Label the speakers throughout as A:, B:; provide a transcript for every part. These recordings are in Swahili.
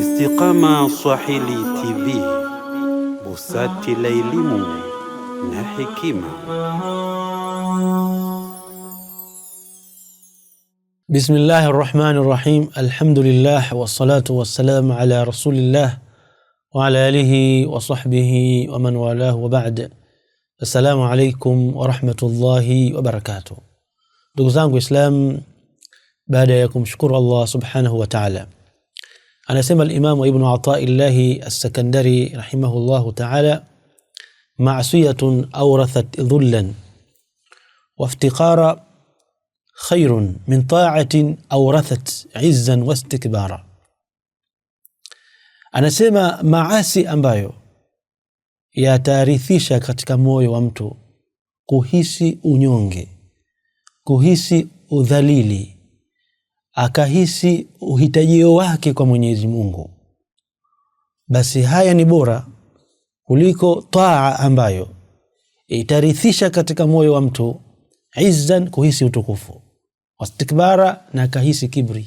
A: Istiqama Swahili TV, busati la elimu na hekima. Bismillahi rahmani rahim, alhamdulillah wassalatu wassalamu ala rasulillah wa ala alihi wa sahbihi wa man walahu wa ba'd. Assalamu alaikum wa rahmatullahi wa barakatuh. Ndugu zangu Islam baada ya kumshukuru Allah subhanahu wa ta'ala. Anasema al-Imamu Ibn Ataillahi As-Sakandari rahimahullahu ta'ala, ma'siyatun awrathat dhullan waftiqara khairun min ta'atin awrathat izzan wastikbara. Anasema maasi ambayo yatarithisha katika moyo wa mtu kuhisi unyonge, kuhisi udhalili akahisi uhitajio wake kwa Mwenyezi Mungu, basi haya ni bora kuliko taa ambayo itarithisha katika moyo wa mtu izzan, kuhisi utukufu, wastikbara, na akahisi kibri,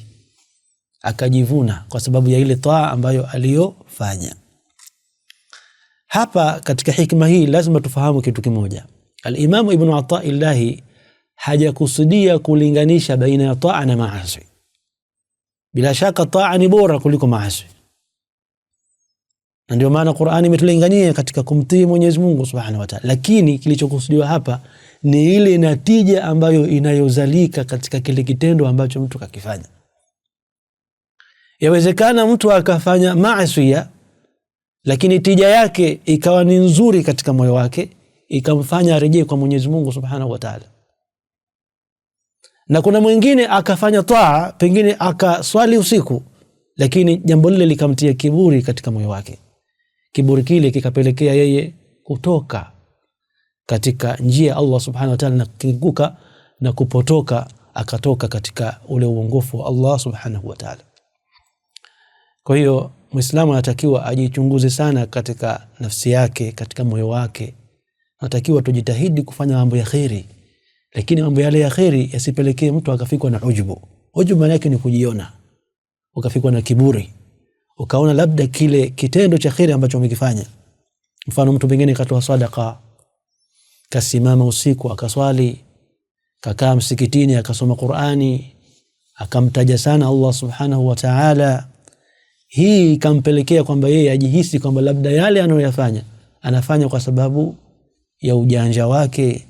A: akajivuna kwa sababu ya ile taa ambayo aliyofanya. Hapa katika hikma hii lazima tufahamu kitu kimoja. Alimamu Ibnu Ataillahi hajakusudia kulinganisha baina ya taa na maasi bila shaka taa ni bora kuliko maasi, na ndio maana Qur'ani imetulingania katika kumtii Mwenyezi Mungu Subhanahu wa Ta'ala. Lakini kilichokusudiwa hapa ni ile natija ambayo inayozalika katika kile kitendo ambacho mtu kakifanya. Yawezekana mtu akafanya maasi, lakini tija yake ikawa ni nzuri katika moyo wake, ikamfanya arejee kwa Mwenyezi Mungu Subhanahu wa Ta'ala na kuna mwingine akafanya taa, pengine akaswali usiku, lakini jambo lile likamtia kiburi katika moyo wake. Kiburi kile kikapelekea yeye kutoka katika njia ya Allah subhanahu wa ta'ala, na kinguka na kupotoka, akatoka katika ule uongofu wa Allah subhanahu wa ta'ala. Kwa hiyo Muislamu anatakiwa ajichunguze sana katika nafsi yake, katika moyo wake. Anatakiwa tujitahidi kufanya mambo ya kheri lakini mambo yale ya kheri yasipelekee mtu akafikwa na ujubu. Ujubu maana yake ni kujiona, ukafikwa na kiburi, ukaona labda kile kitendo cha kheri ambacho umekifanya. Mfano, mtu mwingine katoa sadaka, kasimama usiku akaswali, kakaa msikitini akasoma Qur'ani, akamtaja sana Allah subhanahu wa ta'ala. Hii ikampelekea kwamba yeye ajihisi kwamba labda yale anayoyafanya anafanya kwa sababu ya ujanja wake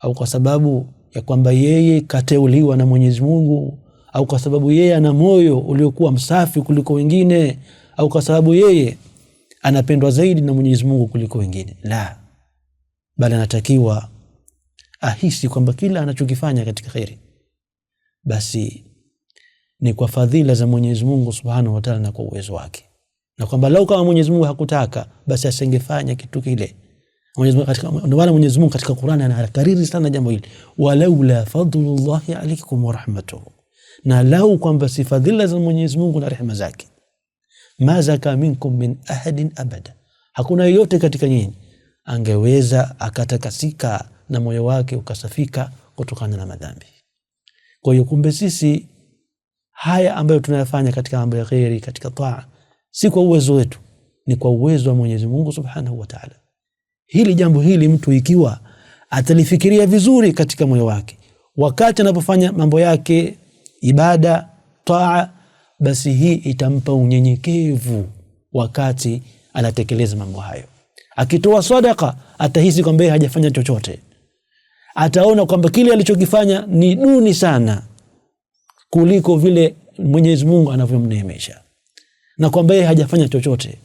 A: au kwa sababu ya kwamba yeye kateuliwa na Mwenyezi Mungu au kwa sababu yeye ana moyo uliokuwa msafi kuliko wengine au kwa sababu yeye anapendwa zaidi na Mwenyezi Mungu kuliko wengine. La, bali anatakiwa ahisi kwamba kila anachokifanya katika kheri basi ni kwa fadhila za Mwenyezi Mungu Subhanahu wa Ta'ala na kwa uwezo wake, na kwamba lau kama Mwenyezi Mungu hakutaka basi asingefanya kitu kile. Ndio maana Mwenyezi Mungu katika Qur'ani anakariri sana jambo hili, walaula fadlullahi alaykum wa rahmatuhu, na lau kwamba si fadhila za Mwenyezi Mungu na rehema zake, ma zaka minkum min ahadin abada, hakuna yeyote katika nyinyi angeweza akatakasika na moyo wake ukasafika kutokana na madhambi. Kwa hiyo kumbe sisi haya ambayo tunayafanya katika mambo ya kheri, katika taa, si kwa uwezo wetu, ni kwa uwezo wa Mwenyezi Mungu Subhanahu wa Ta'ala. Hili jambo hili mtu ikiwa atalifikiria vizuri katika moyo wake wakati anapofanya mambo yake ibada taa, basi hii itampa unyenyekevu wakati anatekeleza mambo hayo. Akitoa sadaka atahisi kwamba yeye hajafanya chochote, ataona kwamba kile alichokifanya ni duni sana kuliko vile Mwenyezi Mungu anavyomneemesha na kwamba yeye hajafanya chochote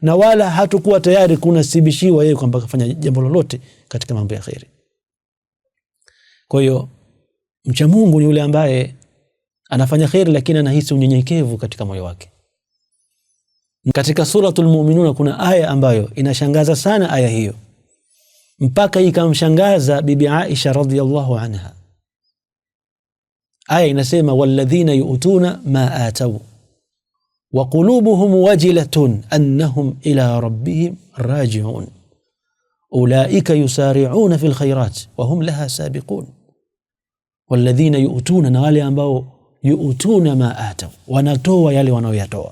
A: na wala hatukuwa tayari kunasibishiwa yeye kwamba kafanya jambo lolote katika mambo ya kheri. Kwa hiyo mcha Mungu ni yule ambaye anafanya kheri lakini anahisi unyenyekevu katika moyo wake. Katika Suratul Muminuna kuna aya ambayo inashangaza sana, aya hiyo mpaka ikamshangaza Bibi Aisha radhiyallahu anha. Aya inasema walladhina yu'tuna ma atau وقلوبهم وجلة أنهم إلى ربهم راجعون أولئك يسارعون في الخيرات وهم لها سابقون والذين يؤتون نوالي أنباو يؤتون ما آتوا ونتوى يلي ونويتوى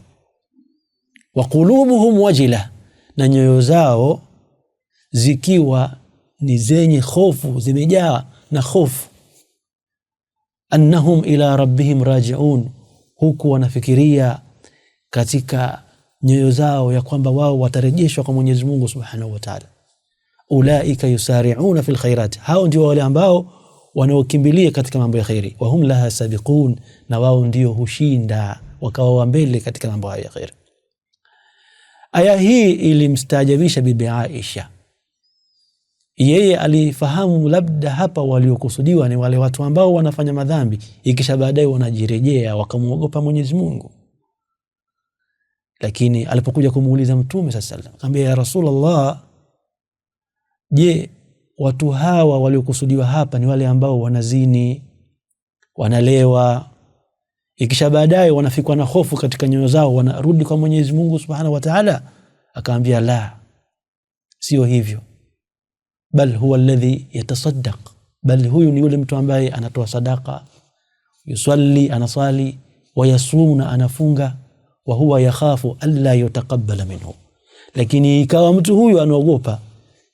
A: وقلوبهم وجلة نن ننيوزاو زكيوا نزين خوف زمجا نخوف أنهم إلى ربهم راجعون هكو ونفكريا katika nyoyo zao ya kwamba wao watarejeshwa kwa Mwenyezi Mungu Subhanahu wa Ta'ala. Ulaika yusari'una fil khairat, hao ndio wale ambao wanaokimbilia katika mambo ya khairi. Wahum laha sabiqun, na wao ndio hushinda wakawa wa mbele katika mambo hayo ya khairi. Aya hii ilimstaajabisha Bibi Aisha. Yeye alifahamu labda hapa waliokusudiwa ni wale watu ambao wanafanya madhambi, ikisha baadaye wanajirejea wakamwogopa Mwenyezi Mungu. Lakini alipokuja kumuuliza Mtume sasa akamwambia, ya Rasulullah, je, watu hawa waliokusudiwa hapa ni wale ambao wanazini, wanalewa, ikisha baadaye wanafikwa na hofu katika nyoyo zao, wanarudi kwa Mwenyezi Mungu Subhanahu wa Ta'ala? Akaambia, la, sio hivyo, bal huwa alladhi yatasaddaq, bal huyu ni yule mtu ambaye anatoa sadaka, yusalli, anasali, wayasumu, na anafunga wa huwa yakhafu alla yutaqabbala minhu, lakini ikawa mtu huyu anaogopa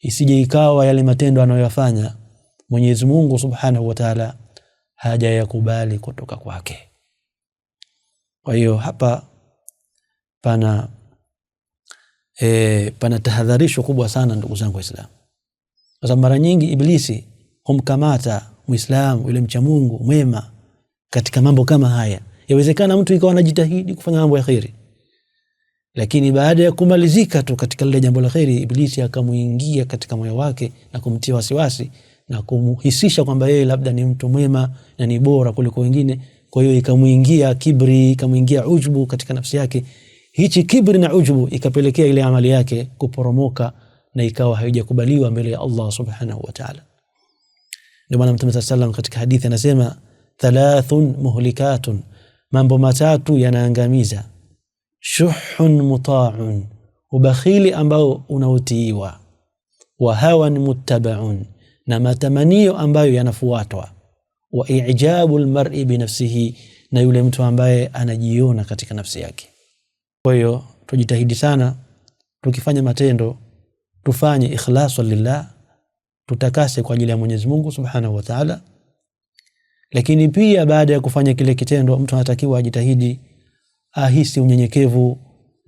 A: isije ikawa yale matendo anayoyafanya Mwenyezi Mungu Subhanahu wa Ta'ala haja yakubali kutoka kwake. Kwa hiyo hapa pana e, pana tahadharisho kubwa sana ndugu zangu Waislamu, kwa sababu mara nyingi Iblisi humkamata Muislamu yule mcha Mungu mwema katika mambo kama haya Yawezekana mtu ikawa anajitahidi kufanya mambo ya kheri, lakini baada ya kumalizika tu katika lile jambo la kheri, Iblisi akamuingia katika moyo wake na kumtia wasiwasi na kumhisisha kwamba yeye labda ni mtu mwema na ni bora kuliko wengine. Kwa hiyo ikamuingia kibri, ikamuingia ujubu katika nafsi yake. Hichi kibri na ujubu ikapelekea ile amali yake kuporomoka na ikawa haijakubaliwa mbele ya Allah subhanahu wa ta'ala. Ndio maana Mtume sallallahu alaihi wasallam katika hadithi anasema thalathun muhlikatun mambo matatu yanaangamiza: shuhun muta'un, ubakhili ambao unaotiiwa, wa hawan muttabaun, na matamanio ambayo yanafuatwa, wa ijabu almar'i binafsihi, na yule mtu ambaye anajiona katika nafsi yake. Kwa hiyo tujitahidi sana, tukifanya matendo tufanye ikhlasa lillah, tutakase kwa ajili ya Mwenyezi Mungu Subhanahu wa Ta'ala. Lakini pia baada ya kufanya kile kitendo, mtu anatakiwa ajitahidi ahisi unyenyekevu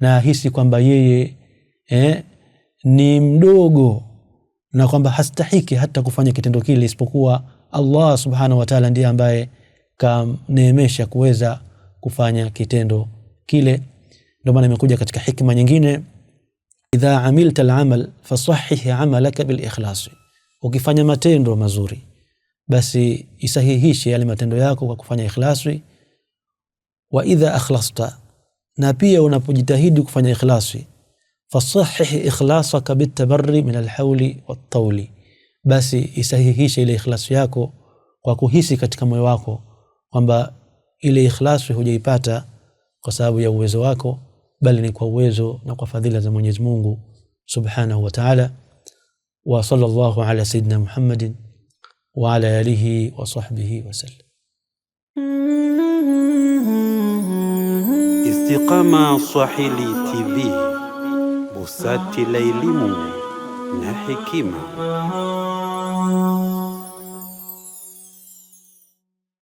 A: na ahisi kwamba yeye eh, ni mdogo na kwamba hastahiki hata kufanya kitendo kile isipokuwa Allah subhanahu wa ta'ala ndiye ambaye kamneemesha kuweza kufanya kitendo kile. Ndio maana imekuja katika hikma nyingine, idha amilta al-amal fasahih amalaka bil ikhlasi, ukifanya matendo mazuri basi isahihishe yale matendo yako kwa kufanya ikhlasi. Wa idha akhlasta, na pia unapojitahidi kufanya ikhlasi, fasahih ikhlasaka bitabari min alhauli wattauli, basi isahihishe ile ikhlasi yako kwa kuhisi katika moyo wako kwamba ile ikhlasi hujaipata kwa sababu ya uwezo wako, bali ni kwa uwezo na kwa fadhila za Mwenyezi Mungu subhanahu wa ta'ala. Wa sallallahu ala sayidina Muhammadin وعلى آله وصحبه وسلم استقامة صحيلي تي في بوساتي ليلي نحكيما